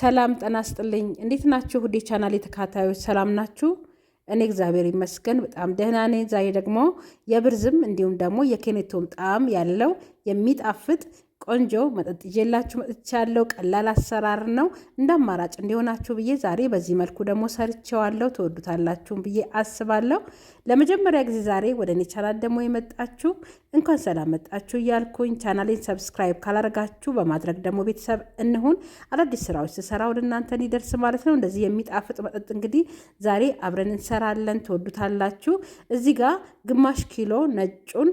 ሰላም ጠና ስጥልኝ። እንዴት ናችሁ? ሁዴ ቻናል የተካታዮች ሰላም ናችሁ? እኔ እግዚአብሔር ይመስገን በጣም ደህና ነኝ። ዛሬ ደግሞ የብርዝም እንዲሁም ደግሞ የኬኔቶም ጣዕም ያለው የሚጣፍጥ ቆንጆ መጠጥ ይዤላችሁ መጥቻለሁ። ቀላል አሰራር ነው እንደ አማራጭ እንዲሆናችሁ ብዬ ዛሬ በዚህ መልኩ ደግሞ ሰርቼዋለሁ። ትወዱታላችሁም ብዬ አስባለሁ። ለመጀመሪያ ጊዜ ዛሬ ወደ እኔ ቻናል ደግሞ የመጣችሁ እንኳን ሰላም መጣችሁ እያልኩኝ ቻናሌን ሰብስክራይብ ካላረጋችሁ በማድረግ ደግሞ ቤተሰብ እንሁን። አዳዲስ ስራዎች ስሰራ ወደ እናንተ እንዲደርስ ማለት ነው። እንደዚህ የሚጣፍጥ መጠጥ እንግዲህ ዛሬ አብረን እንሰራለን። ትወዱታላችሁ። እዚህ ጋር ግማሽ ኪሎ ነጩን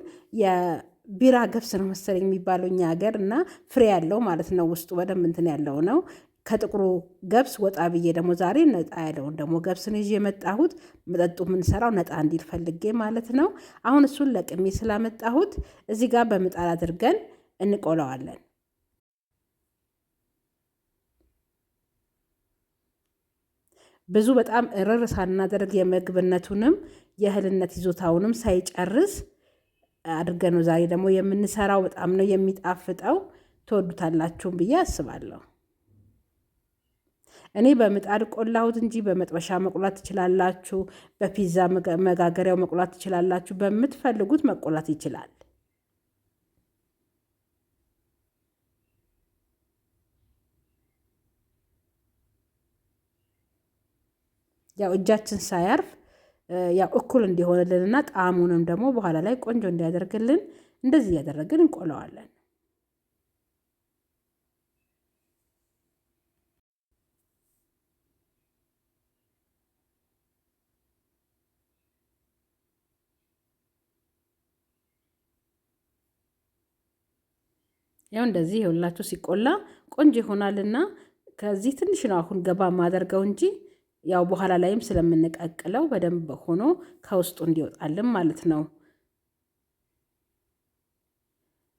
ቢራ ገብስ ነው መሰለኝ የሚባለው እኛ ሀገር እና ፍሬ ያለው ማለት ነው። ውስጡ በደንብ እንትን ያለው ነው። ከጥቁሩ ገብስ ወጣ ብዬ ደግሞ ዛሬ ነጣ ያለውን ደግሞ ገብስን ይዤ የመጣሁት መጠጡ የምንሰራው ነጣ እንዲል ፈልጌ ማለት ነው። አሁን እሱን ለቅሜ ስላመጣሁት እዚህ ጋር በምጣድ አድርገን እንቆለዋለን። ብዙ በጣም እርር ሳናደርግ የምግብነቱንም የእህልነት ይዞታውንም ሳይጨርስ አድርገን ነው ዛሬ ደግሞ የምንሰራው። በጣም ነው የሚጣፍጠው። ትወዱታላችሁም ብዬ አስባለሁ። እኔ በምጣድ ቆላሁት እንጂ በመጥበሻ መቁላት ትችላላችሁ። በፒዛ መጋገሪያው መቁላት ትችላላችሁ። በምትፈልጉት መቆላት ይችላል። ያው እጃችን ሳያርፍ ያው እኩል እና ጣዕሙንም ደግሞ በኋላ ላይ ቆንጆ እንዲያደርግልን እንደዚህ እያደረግን እንቆለዋለን። ያው እንደዚህ የሁላችሁ ሲቆላ ቆንጆ ይሆናልና ከዚህ ትንሽ ነው አሁን ገባ ማደርገው እንጂ ያው በኋላ ላይም ስለምንቀቅለው በደንብ ሆኖ ከውስጡ እንዲወጣልን ማለት ነው።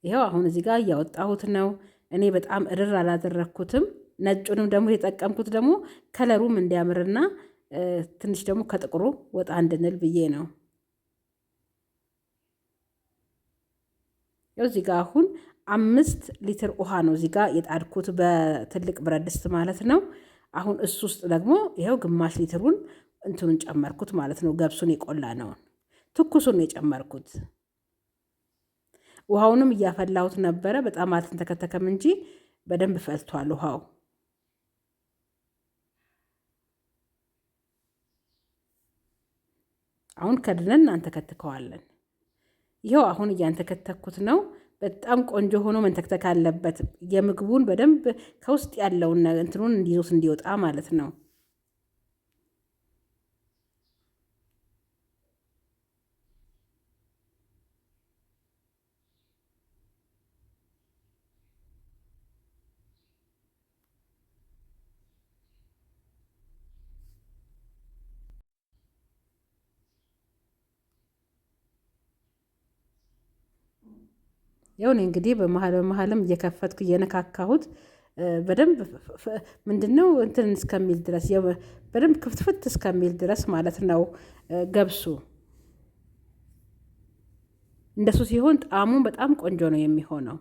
ይኸው አሁን እዚህ ጋር እያወጣሁት ነው። እኔ በጣም እርር አላደረግኩትም። ነጩንም ደግሞ የተጠቀምኩት ደግሞ ከለሩም እንዲያምርና ትንሽ ደግሞ ከጥቁሩ ወጣ እንድንል ብዬ ነው። ያው እዚህ ጋር አሁን አምስት ሊትር ውሃ ነው እዚህ ጋር የጣድኩት በትልቅ ብረት ድስት ማለት ነው። አሁን እሱ ውስጥ ደግሞ ይኸው ግማሽ ሊትሩን እንትኑን ጨመርኩት ማለት ነው። ገብሱን የቆላ ነውን ትኩሱን የጨመርኩት። ውሃውንም እያፈላሁት ነበረ። በጣም አልተንተከተከም እንጂ በደንብ ፈልቷል ውሃው። አሁን ከድነን እናንተከትከዋለን። ይኸው አሁን እያንተከተኩት ነው። በጣም ቆንጆ ሆኖ መንተክተክ አለበት። የምግቡን በደንብ ከውስጥ ያለውን እንትኑን እንዲዞስ እንዲወጣ ማለት ነው። ይሁን እንግዲህ በመሀል በመሀልም እየከፈትኩ እየነካካሁት በደንብ ምንድነው እንትን እስከሚል ድረስ በደንብ ክፍትፍት እስከሚል ድረስ ማለት ነው። ገብሱ እንደሱ ሲሆን ጣዕሙ በጣም ቆንጆ ነው የሚሆነው።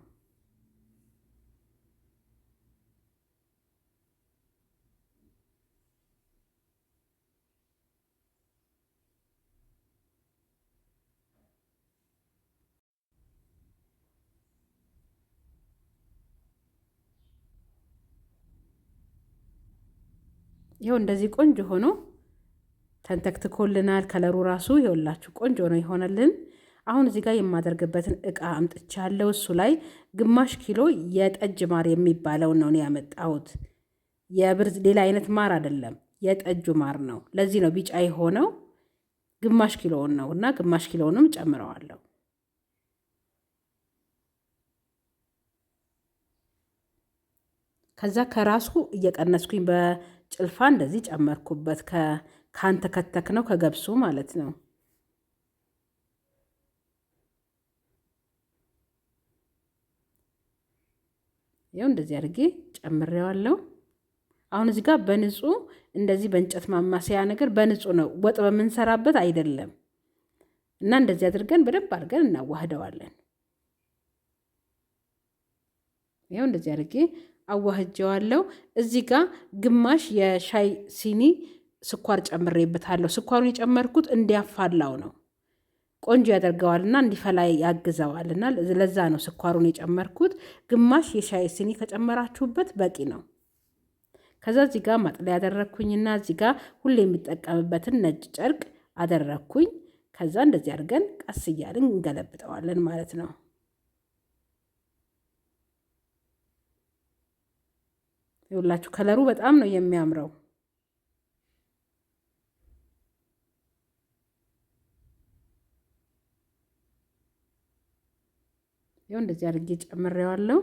ይኸው እንደዚህ ቆንጆ ሆኖ ተንተክትኮልናል። ከለሩ ራሱ ይኸውላችሁ ቆንጆ ነው ይሆነልን። አሁን እዚህ ጋር የማደርግበትን እቃ አምጥቻለሁ። እሱ ላይ ግማሽ ኪሎ የጠጅ ማር የሚባለው ነው ያመጣሁት። የብርዝ ሌላ አይነት ማር አይደለም፣ የጠጁ ማር ነው። ለዚህ ነው ቢጫ የሆነው። ግማሽ ኪሎውን ነው እና ግማሽ ኪሎውንም ጨምረዋለሁ። ከዛ ከራሱ እየቀነስኩኝ በ ጭልፋ እንደዚህ ጨመርኩበት ከአንተ ከተክ ነው ከገብሱ ማለት ነው። ይኸው እንደዚህ አድርጌ ጨምሬዋለሁ። አሁን እዚህ ጋር በንጹህ እንደዚህ በእንጨት ማማሰያ ነገር በንጹህ ነው፣ ወጥ በምንሰራበት አይደለም እና እንደዚህ አድርገን በደንብ አድርገን እናዋህደዋለን። ይኸው እንደዚህ አድርጌ አዋህጀዋለሁ። እዚህ ጋር ግማሽ የሻይ ሲኒ ስኳር ጨምሬበታለሁ። ስኳሩን የጨመርኩት እንዲያፋላው ነው፣ ቆንጆ ያደርገዋልና እንዲፈላ ያግዘዋልና ለዛ ነው ስኳሩን የጨመርኩት። ግማሽ የሻይ ሲኒ ከጨመራችሁበት በቂ ነው። ከዛ እዚህ ጋር ማጥለያ ያደረግኩኝና እዚህ ጋር ሁሌ የሚጠቀምበትን ነጭ ጨርቅ አደረግኩኝ። ከዛ እንደዚህ አድርገን ቀስ እያልን እንገለብጠዋለን ማለት ነው። ይውላችሁ ከለሩ በጣም ነው የሚያምረው። ይኸው እንደዚህ አድርጌ ጨምሬዋለሁ።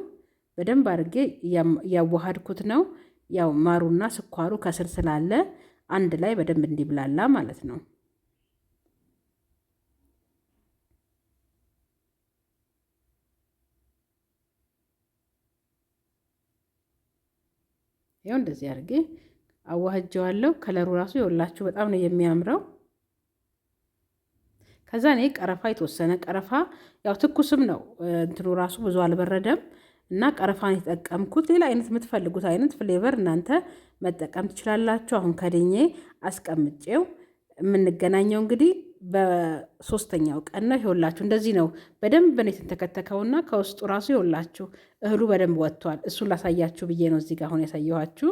በደንብ አድርጌ እያዋሃድኩት ነው። ያው ማሩና ስኳሩ ከስር ስላለ አንድ ላይ በደንብ እንዲብላላ ማለት ነው። ያው እንደዚህ አድርጌ አዋህጀዋለሁ። ከለሩ ራሱ ይወላችሁ በጣም ነው የሚያምረው። ከዛ እኔ ቀረፋ የተወሰነ ቀረፋ ያው ትኩስም ነው እንትኑ ራሱ ብዙ አልበረደም እና ቀረፋን የተጠቀምኩት። ሌላ አይነት የምትፈልጉት አይነት ፍሌቨር እናንተ መጠቀም ትችላላችሁ። አሁን ከድኜ አስቀምጬው የምንገናኘው እንግዲህ በሶስተኛው ቀን ነው። ይኸውላችሁ እንደዚህ ነው። በደንብ ነው የተንተከተከውና ከውስጡ ራሱ ይኸውላችሁ እህሉ በደንብ ወጥቷል። እሱን ላሳያችሁ ብዬ ነው እዚህ ጋር አሁን ያሳየኋችሁ።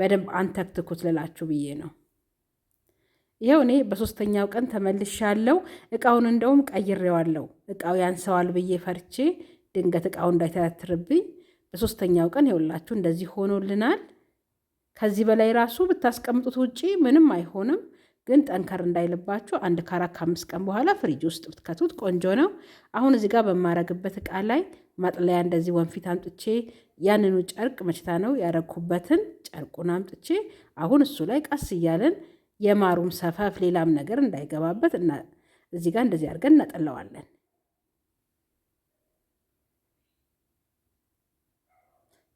በደንብ አንተክትኩት ልላችሁ ብዬ ነው። ይኸው እኔ በሶስተኛው ቀን ተመልሻለሁ። እቃውን እንደውም ቀይሬዋለሁ። እቃው ያንሰዋል ብዬ ፈርቼ ድንገት እቃው እንዳይተረትርብኝ በሶስተኛው ቀን ይኸውላችሁ እንደዚህ ሆኖልናል። ከዚህ በላይ ራሱ ብታስቀምጡት ውጪ ምንም አይሆንም። ግን ጠንከር እንዳይልባችሁ አንድ ከአራት ከአምስት ቀን በኋላ ፍሪጅ ውስጥ ብትከቱት ቆንጆ ነው። አሁን እዚህ ጋር በማረግበት እቃ ላይ ማጥለያ እንደዚህ ወንፊት አምጥቼ ያንኑ ጨርቅ መችታ ነው ያረግኩበትን ጨርቁን አምጥቼ አሁን እሱ ላይ ቀስ እያለን የማሩም ሰፋፍ ሌላም ነገር እንዳይገባበት እዚህ ጋር እንደዚህ አድርገን እናጠለዋለን።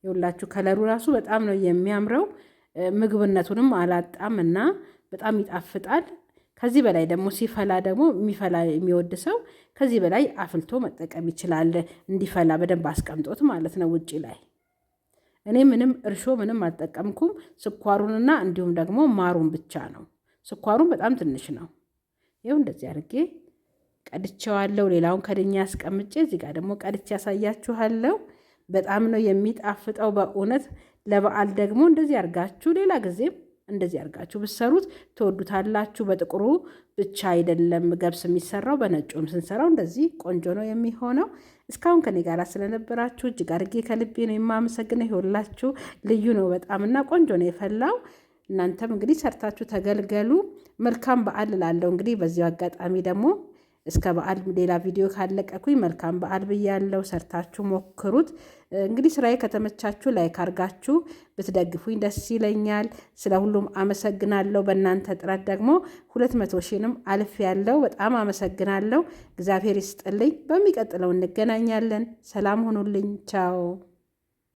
የሁላችሁ ከለሩ ራሱ በጣም ነው የሚያምረው። ምግብነቱንም አላጣም እና በጣም ይጣፍጣል። ከዚህ በላይ ደግሞ ሲፈላ ደግሞ የሚፈላ የሚወድ ሰው ከዚህ በላይ አፍልቶ መጠቀም ይችላል። እንዲፈላ በደንብ አስቀምጦት ማለት ነው ውጪ ላይ። እኔ ምንም እርሾ ምንም አልጠቀምኩም። ስኳሩንና እንዲሁም ደግሞ ማሩን ብቻ ነው። ስኳሩን በጣም ትንሽ ነው። ይኸው እንደዚህ አድርጌ ቀድቼዋለሁ። ሌላውን ከድኛ ያስቀምጬ እዚህ ጋር ደግሞ ቀድቼ ያሳያችኋለሁ። በጣም ነው የሚጣፍጠው በእውነት። ለበዓል ደግሞ እንደዚህ አድርጋችሁ ሌላ ጊዜም እንደዚህ አድርጋችሁ ብትሰሩት ትወዱታላችሁ። በጥቁሩ ብቻ አይደለም ገብስ የሚሰራው በነጩም ስንሰራው እንደዚህ ቆንጆ ነው የሚሆነው። እስካሁን ከኔ ጋር ስለነበራችሁ እጅግ አድርጌ ከልቤ ነው የማመሰግነው። ይሁላችሁ ልዩ ነው በጣም እና ቆንጆ ነው የፈላው። እናንተም እንግዲህ ሰርታችሁ ተገልገሉ። መልካም በዓል ላለው እንግዲህ በዚሁ አጋጣሚ ደግሞ እስከ በዓል ሌላ ቪዲዮ ካለቀኩኝ መልካም በዓል ብያለው። ሰርታችሁ ሞክሩት። እንግዲህ ስራዬ ከተመቻችሁ ላይክ አርጋችሁ ብትደግፉኝ ደስ ይለኛል። ስለ ሁሉም አመሰግናለሁ። በእናንተ ጥረት ደግሞ ሁለት መቶ ሺንም አልፍ ያለው በጣም አመሰግናለሁ። እግዚአብሔር ይስጥልኝ። በሚቀጥለው እንገናኛለን። ሰላም ሁኑልኝ። ቻው